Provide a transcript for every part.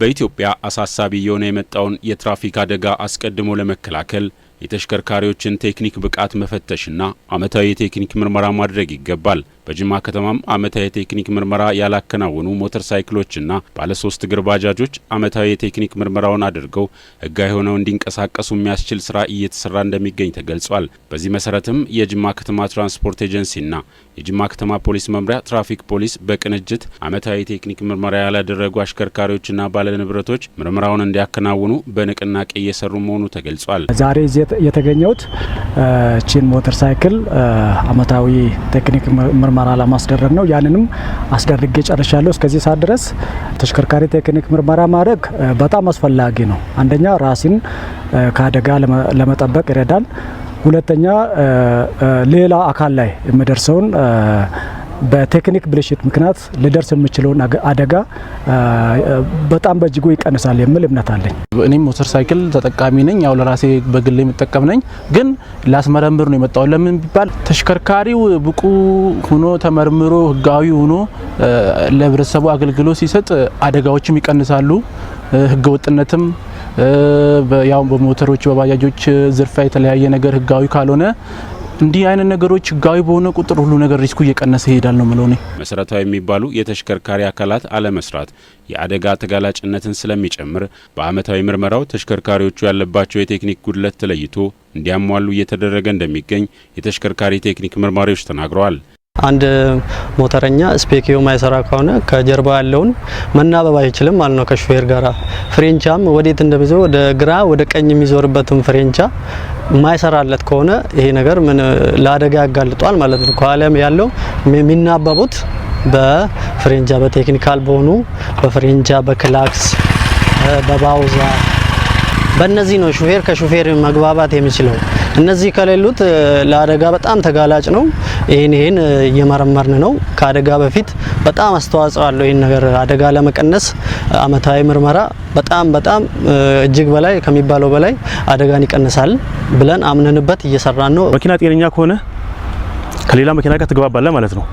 በኢትዮጵያ አሳሳቢ እየሆነ የመጣውን የትራፊክ አደጋ አስቀድሞ ለመከላከል የተሽከርካሪዎችን ቴክኒክ ብቃት መፈተሽና ዓመታዊ የቴክኒክ ምርመራ ማድረግ ይገባል። በጅማ ከተማም ዓመታዊ የቴክኒክ ምርመራ ያላከናወኑ ሞተር ሳይክሎችና ባለሶስት እግር ባጃጆች ዓመታዊ የቴክኒክ ምርመራውን አድርገው ሕጋዊ ሆነው እንዲንቀሳቀሱ የሚያስችል ስራ እየተሰራ እንደሚገኝ ተገልጿል። በዚህ መሰረትም የጅማ ከተማ ትራንስፖርት ኤጀንሲና የጅማ ከተማ ፖሊስ መምሪያ ትራፊክ ፖሊስ በቅንጅት ዓመታዊ የቴክኒክ ምርመራ ያላደረጉ አሽከርካሪዎችና ባለንብረቶች ምርመራውን እንዲያከናውኑ በንቅናቄ እየሰሩ መሆኑ ተገልጿል። ዛሬ የተገኘሁት ቺን ሞተር ሳይክል አመታዊ ቴክኒክ ምርመራ ለማስደረግ ነው። ያንንም አስደርጌ ጨርሻለሁ። እስከዚህ ሰዓት ድረስ ተሽከርካሪ ቴክኒክ ምርመራ ማድረግ በጣም አስፈላጊ ነው። አንደኛ ራሲን ከአደጋ ለመጠበቅ ይረዳል። ሁለተኛ ሌላ አካል ላይ የሚደርሰውን በቴክኒክ ብልሽት ምክንያት ሊደርስ የምችለውን አደጋ በጣም በእጅጉ ይቀንሳል የሚል እምነት አለኝ። እኔም ሞተር ሳይክል ተጠቃሚ ነኝ። ያው ለራሴ በግል የምጠቀም ነኝ፣ ግን ላስመረምር ነው የመጣው። ለምን ቢባል ተሽከርካሪው ብቁ ሆኖ ተመርምሮ ህጋዊ ሆኖ ለህብረተሰቡ አገልግሎት ሲሰጥ አደጋዎችም ይቀንሳሉ፣ ህገወጥነትም ያው በሞተሮች በባጃጆች ዝርፊያ የተለያየ ነገር ህጋዊ ካልሆነ እንዲህ አይነት ነገሮች ህጋዊ በሆነ ቁጥር ሁሉ ነገር ሪስኩ እየቀነሰ ይሄዳል ነው ምለው። መሰረታዊ የሚባሉ የተሽከርካሪ አካላት አለመስራት የአደጋ ተጋላጭነትን ስለሚጨምር በአመታዊ ምርመራው ተሽከርካሪዎቹ ያለባቸው የቴክኒክ ጉድለት ተለይቶ እንዲያሟሉ እየተደረገ እንደሚገኝ የተሽከርካሪ ቴክኒክ ምርማሪዎች ተናግረዋል። አንድ ሞተረኛ ስፔኪዮ ማይሰራ ከሆነ ከጀርባ ያለውን መናበብ አይችልም ማለት ነው ከሹፌር ጋራ። ፍሬንቻም ወዴት እንደሚዞር ወደ ግራ ወደ ቀኝ የሚዞርበትም ፍሬንቻ ማይሰራለት ከሆነ ይሄ ነገር ምን ለአደጋ ያጋልጧል ማለት ነው። ከኋላም ያለው የሚናበቡት በፍሬንቻ በቴክኒካል በሆኑ በፍሬንቻ በክላክስ በባውዛ በእነዚህ ነው ሹፌር ከሹፌር መግባባት የሚችለው። እነዚህ ከሌሉት ለአደጋ በጣም ተጋላጭ ነው። ይህን ይህን እየመረመርን ነው። ከአደጋ በፊት በጣም አስተዋጽኦ አለው። ይህን ነገር አደጋ ለመቀነስ አመታዊ ምርመራ በጣም በጣም እጅግ በላይ ከሚባለው በላይ አደጋን ይቀንሳል ብለን አምነንበት እየሰራን ነው። መኪና ጤነኛ ከሆነ ከሌላ መኪና ጋር ትግባባለ ማለት ነው።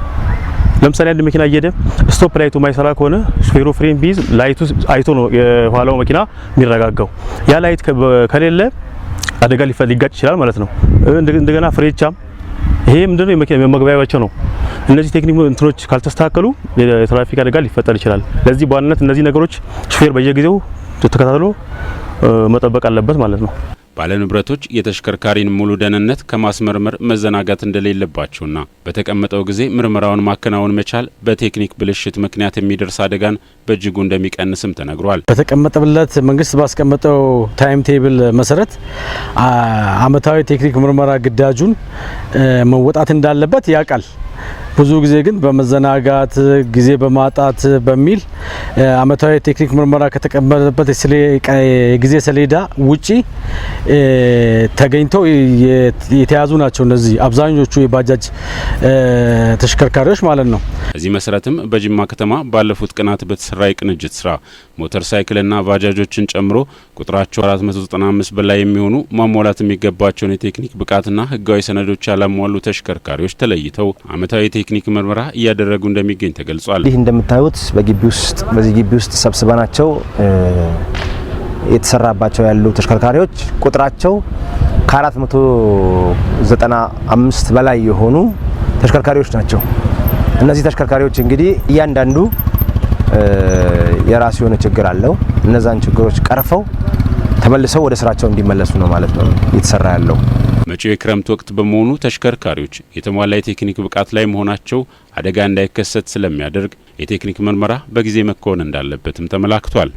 ለምሳሌ አንድ መኪና እየሄደ ስቶፕ ላይቱ ማይሰራ ከሆነ ሹፌሩ ፍሬም ቢዝ ላይቱ አይቶ ነው የኋላው መኪና የሚረጋጋው። ያ ላይት ከሌለ አደጋ ሊጋጭ ይችላል ማለት ነው። እንደገና ፍሬቻም ይሄ ምንድነው የመኪና መግባቢያቸው ነው። እነዚህ ቴክኒክ እንትኖች ካልተስተካከሉ የትራፊክ አደጋ ሊፈጠር ይችላል። ለዚህ በዋናነት እነዚህ ነገሮች ሹፌር በየጊዜው ተከታትሎ መጠበቅ አለበት ማለት ነው። ባለንብረቶች የተሽከርካሪን ሙሉ ደህንነት ከማስመርመር መዘናጋት እንደሌለባቸውና በተቀመጠው ጊዜ ምርመራውን ማከናወን መቻል በቴክኒክ ብልሽት ምክንያት የሚደርስ አደጋን በእጅጉ እንደሚቀንስም ተነግሯል። በተቀመጠለት መንግስት ባስቀመጠው ታይም ቴብል መሰረት አመታዊ ቴክኒክ ምርመራ ግዳጁን መወጣት እንዳለበት ያውቃል። ብዙ ጊዜ ግን በመዘናጋት ጊዜ በማጣት በሚል አመታዊ የቴክኒክ ምርመራ ከተቀመጠበት የጊዜ ሰሌዳ ውጪ ተገኝተው የተያዙ ናቸው። እነዚህ አብዛኞቹ የባጃጅ ተሽከርካሪዎች ማለት ነው። በዚህ መሰረትም በጅማ ከተማ ባለፉት ቀናት በተሰራ የቅንጅት ስራ ሞተር ሳይክልና ባጃጆችን ጨምሮ ቁጥራቸው 495 በላይ የሚሆኑ ማሟላት የሚገባቸውን የቴክኒክ ብቃትና ህጋዊ ሰነዶች ያላሟሉ ተሽከርካሪዎች ተለይተው አመታዊ የቴክኒክ ምርመራ እያደረጉ እንደሚገኝ ተገልጿል። ይህ እንደምታዩት በግቢ ውስጥ በዚህ ግቢ ውስጥ ሰብስበናቸው የተሰራባቸው ያሉ ተሽከርካሪዎች ቁጥራቸው ከ495 በላይ የሆኑ ተሽከርካሪዎች ናቸው። እነዚህ ተሽከርካሪዎች እንግዲህ እያንዳንዱ የራሱ የሆነ ችግር አለው። እነዛን ችግሮች ቀርፈው ተመልሰው ወደ ስራቸው እንዲመለሱ ነው ማለት ነው እየተሰራ ያለው። መጪው የክረምት ወቅት በመሆኑ ተሽከርካሪዎች የተሟላ የቴክኒክ ብቃት ላይ መሆናቸው አደጋ እንዳይከሰት ስለሚያደርግ የቴክኒክ ምርመራ በጊዜ መከወን እንዳለበትም ተመላክቷል።